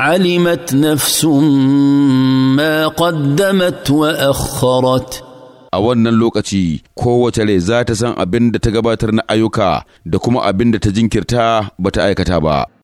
علمت نفس ما قدمت واخرت a wannan lokaci kowace rai za ta san abin da ta gabatar na ayyuka da kuma abin da ta jinkirta ba ta aikata ba